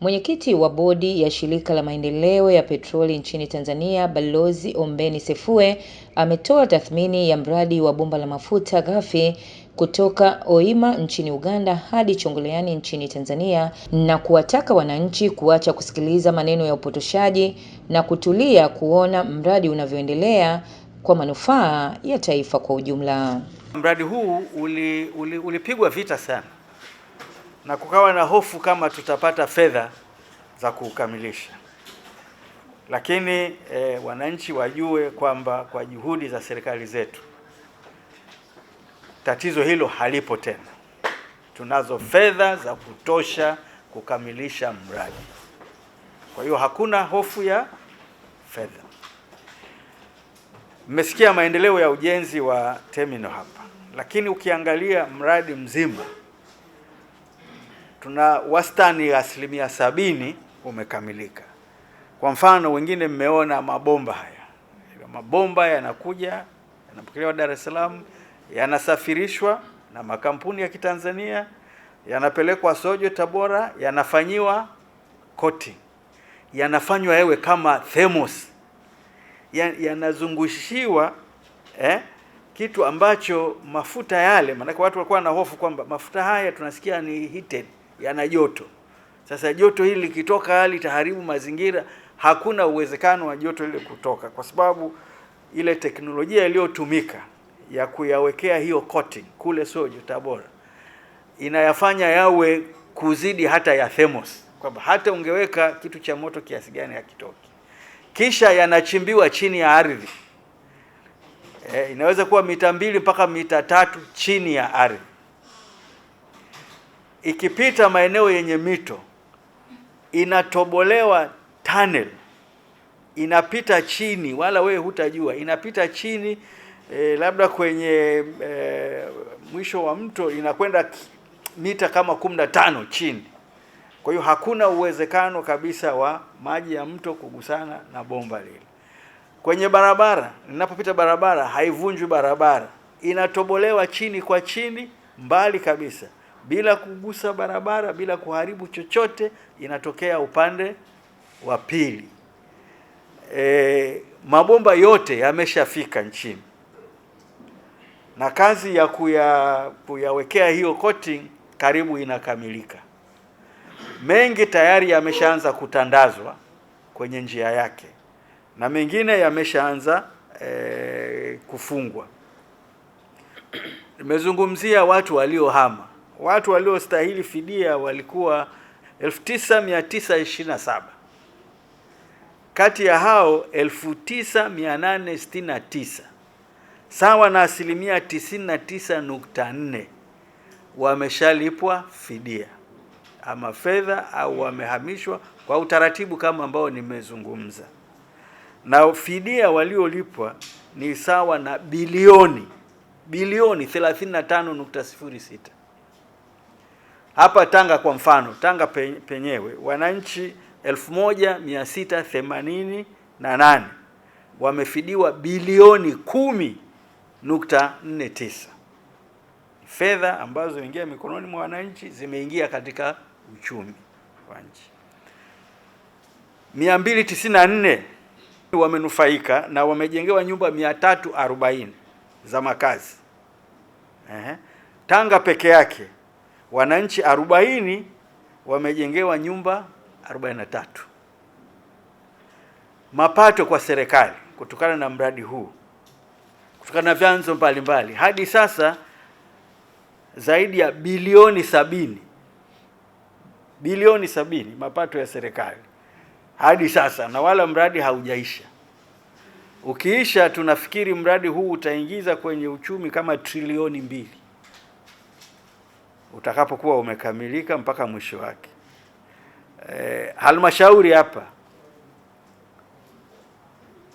Mwenyekiti wa bodi ya shirika la maendeleo ya petroli nchini Tanzania, Balozi Ombeni Sefue ametoa tathmini ya mradi wa bomba la mafuta ghafi kutoka Oima nchini Uganda hadi Chongoleani nchini Tanzania na kuwataka wananchi kuacha kusikiliza maneno ya upotoshaji na kutulia kuona mradi unavyoendelea kwa manufaa ya taifa kwa ujumla. Mradi huu ulipigwa uli, uli vita sana na kukawa na hofu kama tutapata fedha za kuukamilisha. Lakini e, wananchi wajue kwamba kwa juhudi za serikali zetu tatizo hilo halipo tena. Tunazo fedha za kutosha kukamilisha mradi. Kwa hiyo hakuna hofu ya fedha. Mmesikia maendeleo ya ujenzi wa terminal hapa, lakini ukiangalia mradi mzima tuna wastani ya asilimia sabini umekamilika. Kwa mfano, wengine mmeona mabomba haya, mabomba yanakuja yanapokelewa Dar es Salaam, yanasafirishwa na makampuni ya Kitanzania, yanapelekwa Sojo, Tabora, yanafanyiwa coating, yanafanywa yawe kama thermos, yanazungushiwa eh, kitu ambacho mafuta yale, maanake watu walikuwa na hofu kwamba mafuta haya tunasikia ni heated yana joto. Sasa joto hili likitoka hali taharibu mazingira, hakuna uwezekano wa joto lile kutoka, kwa sababu ile teknolojia iliyotumika ya kuyawekea hiyo coating kule Sojo bora, inayafanya yawe kuzidi hata ya thermos, kwamba hata ungeweka kitu cha moto kiasi gani hakitoki. Kisha yanachimbiwa chini ya ardhi e, inaweza kuwa mita mbili mpaka mita tatu chini ya ardhi ikipita maeneo yenye mito inatobolewa tunnel, inapita chini, wala wewe hutajua inapita chini e, labda kwenye e, mwisho wa mto inakwenda mita kama kumi na tano chini. Kwa hiyo hakuna uwezekano kabisa wa maji ya mto kugusana na bomba lile. Kwenye barabara, ninapopita barabara haivunjwi barabara, inatobolewa chini kwa chini mbali kabisa bila kugusa barabara, bila kuharibu chochote, inatokea upande wa pili. E, mabomba yote yameshafika nchini na kazi ya kuya, kuyawekea hiyo coating karibu inakamilika. Mengi tayari yameshaanza kutandazwa kwenye njia yake na mengine yameshaanza e, kufungwa. Nimezungumzia watu waliohama watu waliostahili fidia walikuwa 9927 kati ya hao 9869 sawa na asilimia 99.4 wameshalipwa fidia ama fedha au wamehamishwa kwa utaratibu kama ambao nimezungumza, na fidia waliolipwa ni sawa na bilioni bilioni 35.06 hapa Tanga kwa mfano, Tanga penyewe wananchi 1688 wamefidiwa bilioni 10.49 fedha ambazo zimeingia mikononi mwa wananchi, zimeingia katika uchumi wa nchi. 294 wamenufaika na wamejengewa nyumba 340 za makazi. Ehe. Tanga peke yake wananchi 40 wamejengewa nyumba 43. Mapato kwa serikali kutokana na mradi huu kutokana na vyanzo mbalimbali hadi sasa zaidi ya bilioni sabini bilioni sabini mapato ya serikali hadi sasa, na wala mradi haujaisha. Ukiisha tunafikiri mradi huu utaingiza kwenye uchumi kama trilioni mbili utakapokuwa umekamilika mpaka mwisho wake. E, halmashauri hapa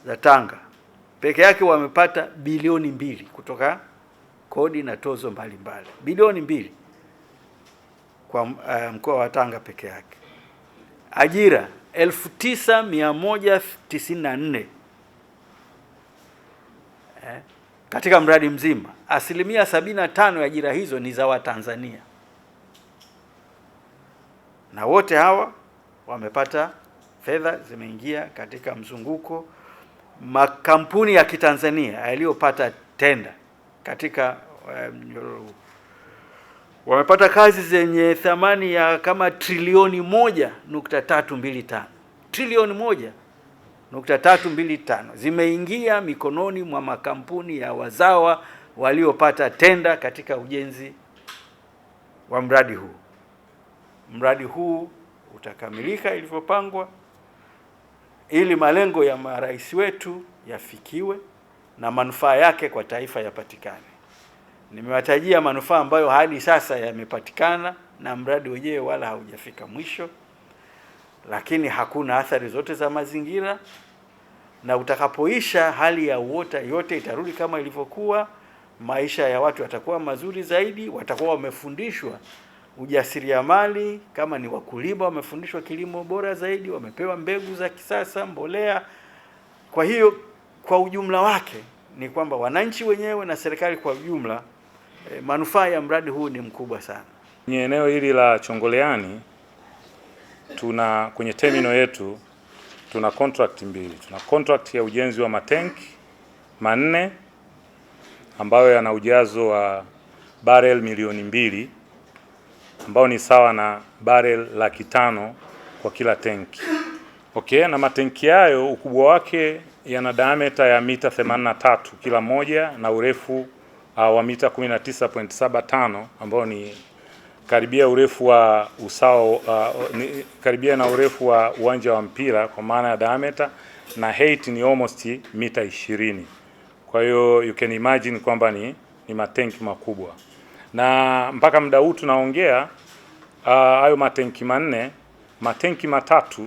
za Tanga peke yake wamepata bilioni mbili kutoka kodi na tozo mbalimbali, bilioni mbili kwa uh, mkoa wa Tanga peke yake. Ajira 9194 eh, katika mradi mzima. Asilimia 75 ya ajira hizo ni za Watanzania na wote hawa wamepata fedha zimeingia katika mzunguko. Makampuni ya Kitanzania yaliyopata tenda katika um, wamepata kazi zenye thamani ya kama trilioni moja nukta tatu mbili tano trilioni moja nukta tatu mbili tano zimeingia mikononi mwa makampuni ya wazawa waliopata tenda katika ujenzi wa mradi huu mradi huu utakamilika ilivyopangwa, ili malengo ya marais wetu yafikiwe na manufaa yake kwa taifa yapatikane. Nimewatajia manufaa ambayo hadi sasa yamepatikana na mradi wenyewe wala haujafika mwisho, lakini hakuna athari zote za mazingira, na utakapoisha hali ya uota yote itarudi kama ilivyokuwa. Maisha ya watu yatakuwa mazuri zaidi, watakuwa wamefundishwa ujasiriamali, kama ni wakulima wamefundishwa kilimo bora zaidi, wamepewa mbegu za kisasa, mbolea. Kwa hiyo kwa ujumla wake ni kwamba wananchi wenyewe na serikali kwa ujumla, eh, manufaa ya mradi huu ni mkubwa sana. Kwenye eneo hili la Chongoleani tuna kwenye terminal yetu tuna contract mbili. Tuna contract ya ujenzi wa matenki manne ambayo yana ujazo wa barrel milioni mbili ambao ni sawa na barrel laki tano kwa kila tenki. Okay, na matenki hayo ukubwa wake yana diameter ya mita 83 kila moja na urefu uh, wa mita 19.75 ambao ni karibia urefu wa usao uh, ni, karibia na urefu wa uwanja wa mpira kwa maana ya diameter na height ni almost mita 20. Kwa hiyo you can imagine kwamba ni, ni matenki makubwa na mpaka muda huu tunaongea uh, hayo uh, matenki manne, matenki matatu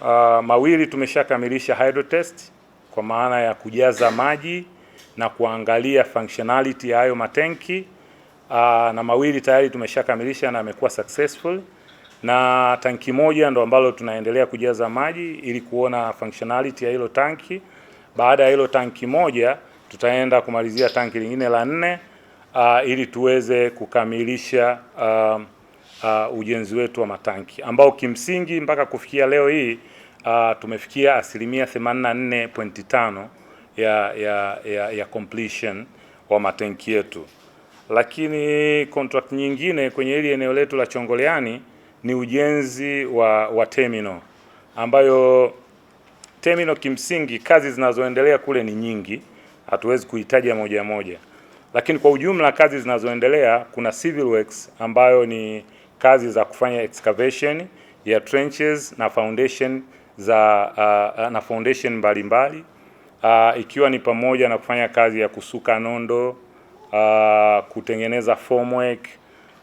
uh, mawili tumeshakamilisha hydro test kwa maana ya kujaza maji na kuangalia functionality ya hayo matenki uh, na mawili tayari tumeshakamilisha na amekuwa successful, na tanki moja ndo ambalo tunaendelea kujaza maji ili kuona functionality ya hilo tanki. Baada ya hilo tanki moja, tutaenda kumalizia tanki lingine la nne uh, ili tuweze kukamilisha uh, uh, ujenzi wetu wa matanki ambao kimsingi mpaka kufikia leo hii uh, tumefikia asilimia 84.5 ya, ya, ya, ya completion wa matanki yetu, lakini contract nyingine kwenye hili eneo letu la Chongoleani ni ujenzi wa, wa terminal ambayo terminal kimsingi kazi zinazoendelea kule ni nyingi, hatuwezi kuitaja moja moja. Lakini kwa ujumla kazi zinazoendelea, kuna civil works ambayo ni kazi za kufanya excavation ya trenches na foundation za uh, uh na foundation mbalimbali uh, ikiwa ni pamoja na kufanya kazi ya kusuka nondo uh, kutengeneza formwork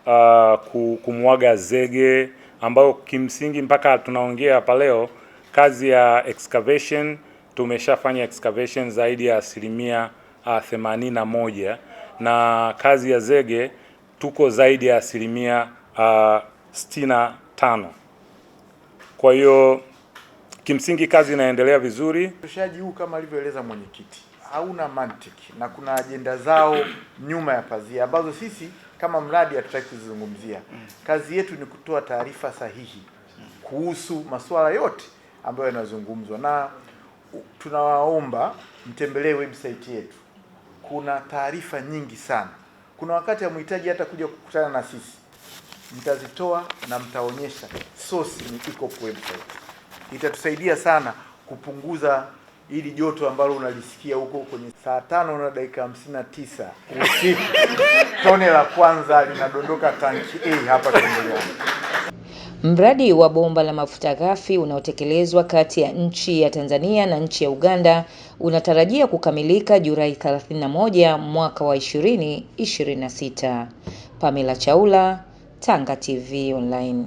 uh, kumwaga zege ambayo kimsingi mpaka tunaongea hapa leo kazi ya excavation tumeshafanya excavation zaidi ya asilimia uh, themanini na moja na kazi ya zege tuko zaidi ya asilimia uh, sitini na tano. Kwa hiyo kimsingi kazi inaendelea vizuri. Uwezeshaji huu kama alivyoeleza mwenyekiti hauna mantiki na kuna ajenda zao nyuma ya pazia ambazo sisi kama mradi hatutaki kuzizungumzia. Kazi yetu ni kutoa taarifa sahihi kuhusu masuala yote ambayo yanazungumzwa, na tunawaomba mtembelee website yetu kuna taarifa nyingi sana. Kuna wakati hamhitaji hata kuja kukutana na sisi, mtazitoa na mtaonyesha sosi ni iko website. Itatusaidia sana kupunguza ili joto ambalo unalisikia huko kwenye saa tano na dakika hamsini na tisa usiku tone la kwanza linadondoka tanki A hapa Tembeleani. Mradi wa bomba la mafuta ghafi unaotekelezwa kati ya nchi ya Tanzania na nchi ya Uganda unatarajia kukamilika Julai 31 mwaka wa 2026. Pamela Chaula, Tanga TV Online.